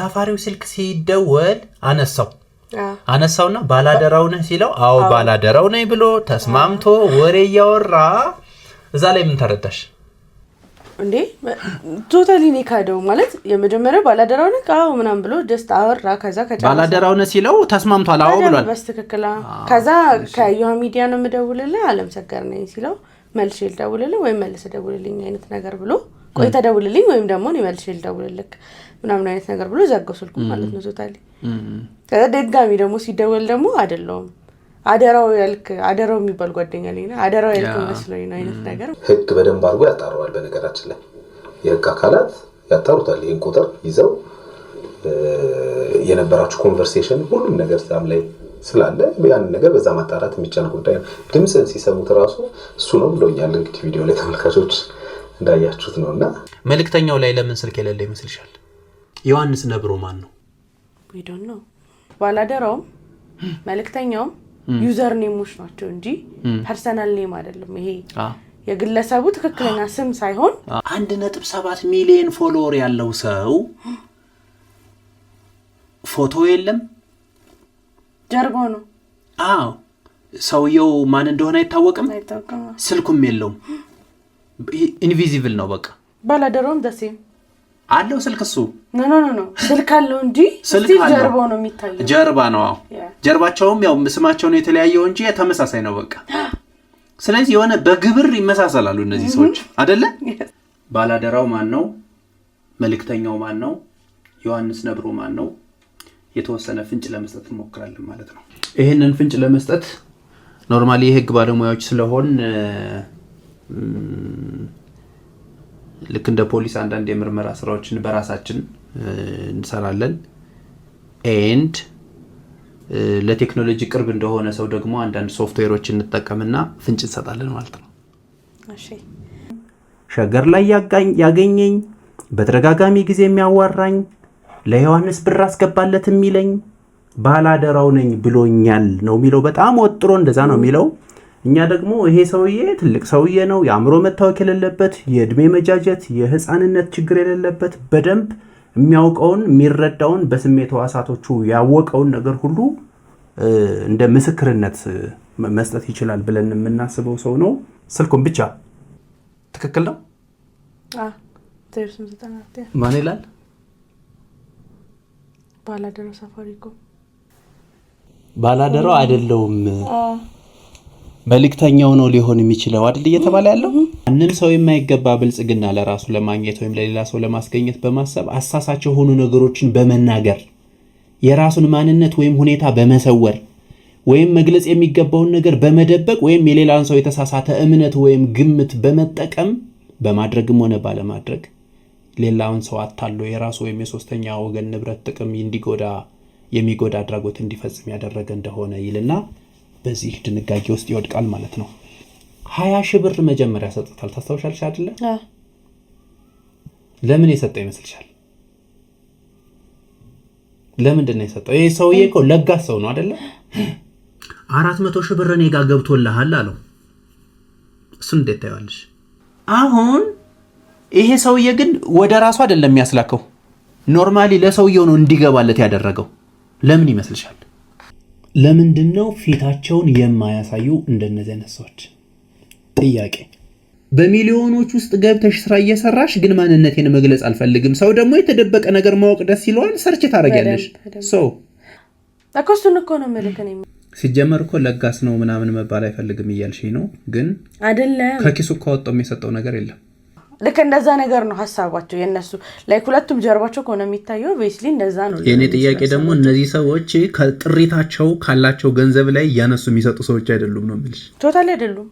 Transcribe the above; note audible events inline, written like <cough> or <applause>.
ታፋሪው ስልክ ሲደወል አነሳው አነሳውና ባላደራው ነህ ሲለው አዎ ባላደራው ነኝ ብሎ ተስማምቶ ወሬ እያወራ እዛ ላይ ምን ተረዳሽ እንዴ? ቶታሊ ኔ ካደው ማለት የመጀመሪያው ባላደራው ነህ አዎ ምናም ብሎ ደስታ አወራ። ከዛ ባላደራው ነህ ሲለው ተስማምቷል፣ አዎ ብሏል። በስትክክል ከዛ ከዮሃ ሚዲያ ነው የምደውልልህ አለም ሰገር ነኝ ሲለው መልሽ ልደውልልህ ወይም መልሰ ደውልልኝ አይነት ነገር ብሎ ቆይታ ደውልልኝ ወይም ደግሞ እኔ መልሼ ልደውልልክ ምናምን አይነት ነገር ብሎ ዘጋው ስልኩ ማለት ነው። ቶታሊ ከዛ ድጋሚ ደግሞ ሲደወል ደግሞ አደለውም አደራው ያልክ አደራው የሚባል ጓደኛ ላይ አደራው ያልክ መስሎኝ ነው አይነት ነገር። ህግ በደንብ አድርጎ ያጣረዋል። በነገራችን ላይ የህግ አካላት ያጣሩታል። ይህን ቁጥር ይዘው የነበራችሁ ኮንቨርሴሽን፣ ሁሉም ነገር ዛም ላይ ስላለ ያንን ነገር በዛ ማጣራት የሚቻል ጉዳይ ነው። ድምፅን ሲሰሙት ራሱ እሱ ነው ብሎኛል። እንግዲህ ቪዲዮ ላይ ተመልካቾች እንዳያችሁት ነው። እና መልእክተኛው ላይ ለምን ስልክ የሌለ ይመስልሻል? ዮሐንስ ነብሮ ማን ነው? ነው ባላደራውም መልእክተኛውም ዩዘር ኔሞች ናቸው እንጂ ፐርሰናል ኔም አይደለም። ይሄ የግለሰቡ ትክክለኛ ስም ሳይሆን አንድ ነጥብ ሰባት ሚሊዮን ፎሎወር ያለው ሰው ፎቶ የለም፣ ጀርባው ነው። አዎ ሰውየው ማን እንደሆነ አይታወቅም፣ ስልኩም የለውም። ኢንቪዚብል ነው በቃ። ባላደረውም ደሴ አለው ስልክ እሱ ስልክ አለው እንጂ ጀርባው ነው የሚታየው። ጀርባ ነው አዎ። ጀርባቸውም ያው ስማቸው ነው የተለያየው እንጂ ተመሳሳይ ነው በቃ። <gasps> ስለዚህ የሆነ በግብር ይመሳሰላሉ እነዚህ ሰዎች mm-hmm. አደለ? ባላደራው ማን ነው? መልእክተኛው ማን ነው? ዮሐንስ ነብሮ ማን ነው? የተወሰነ ፍንጭ ለመስጠት እንሞክራለን ማለት ነው። ይህንን ፍንጭ ለመስጠት ኖርማሊ የህግ ባለሙያዎች ስለሆን ልክ እንደ ፖሊስ አንዳንድ የምርመራ ስራዎችን በራሳችን እንሰራለን። ኤንድ ለቴክኖሎጂ ቅርብ እንደሆነ ሰው ደግሞ አንዳንድ ሶፍትዌሮች እንጠቀምና ፍንጭ እንሰጣለን ማለት ነው። ሸገር ላይ ያገኘኝ በተደጋጋሚ ጊዜ የሚያዋራኝ ለዮሐንስ ብር አስገባለት የሚለኝ ባላደራው ነኝ ብሎኛል ነው የሚለው። በጣም ወጥሮ እንደዛ ነው የሚለው። እኛ ደግሞ ይሄ ሰውዬ ትልቅ ሰውዬ ነው፣ የአእምሮ መታወክ የሌለበት፣ የእድሜ መጃጀት፣ የህፃንነት ችግር የሌለበት በደንብ የሚያውቀውን የሚረዳውን በስሜት ዋሳቶቹ ያወቀውን ነገር ሁሉ እንደ ምስክርነት መስጠት ይችላል ብለን የምናስበው ሰው ነው። ስልኩን ብቻ ትክክል ነው። ማን ይላል? ባላደራው ሳፋሪኮም ባላደራው አይደለውም። መልእክተኛው ነው ሊሆን የሚችለው አይደል እየተባለ ያለው። ማንም ሰው የማይገባ ብልጽግና ለራሱ ለማግኘት ወይም ለሌላ ሰው ለማስገኘት በማሰብ አሳሳች የሆኑ ነገሮችን በመናገር የራሱን ማንነት ወይም ሁኔታ በመሰወር ወይም መግለጽ የሚገባውን ነገር በመደበቅ ወይም የሌላን ሰው የተሳሳተ እምነት ወይም ግምት በመጠቀም በማድረግም ሆነ ባለማድረግ ሌላውን ሰው አታሎ የራሱ ወይም የሶስተኛ ወገን ንብረት ጥቅም እንዲጎዳ የሚጎዳ አድራጎት እንዲፈጽም ያደረገ እንደሆነ ይልና በዚህ ድንጋጌ ውስጥ ይወድቃል ማለት ነው። ሀያ ሺህ ብር መጀመሪያ ሰጥታል። ታስታውሻለሽ አይደለ? ለምን የሰጠ ይመስልሻል? ለምንድን ነው የሰጠው? ይህ ሰውዬ እኮ ለጋስ ሰው ነው አደለ አራት መቶ ሺህ ብር እኔ ጋ ገብቶልሃል አለው። እሱ እንዴት ታይዋለሽ? አሁን ይሄ ሰውዬ ግን ወደ ራሱ አይደለም የሚያስላከው፣ ኖርማሊ ለሰውየው ነው እንዲገባለት ያደረገው። ለምን ይመስልሻል? ለምንድን ነው ፊታቸውን የማያሳዩ እንደነዚህ አይነት ሰዎች? ጥያቄ። በሚሊዮኖች ውስጥ ገብተሽ ስራ እየሰራሽ ግን ማንነቴን መግለጽ አልፈልግም። ሰው ደግሞ የተደበቀ ነገር ማወቅ ደስ ይለዋል። ሰርች ታደርጊያለሽ። ሰው እኮ እሱን እኮ ነው የምልህ። ሲጀመር እኮ ለጋስ ነው ምናምን መባል አይፈልግም እያልሽ ነው፣ ግን አይደለም ከኪሱ እኮ የሚሰጠው ነገር የለም ልክ እንደዛ ነገር ነው ሀሳባቸው የነሱ ላይ ሁለቱም ጀርባቸው ከሆነ የሚታየው ቤስሊ እንደዛ ነው። የእኔ ጥያቄ ደግሞ እነዚህ ሰዎች ከጥሪታቸው ካላቸው ገንዘብ ላይ እያነሱ የሚሰጡ ሰዎች አይደሉም ነው የምልሽ። ቶታል አይደሉም።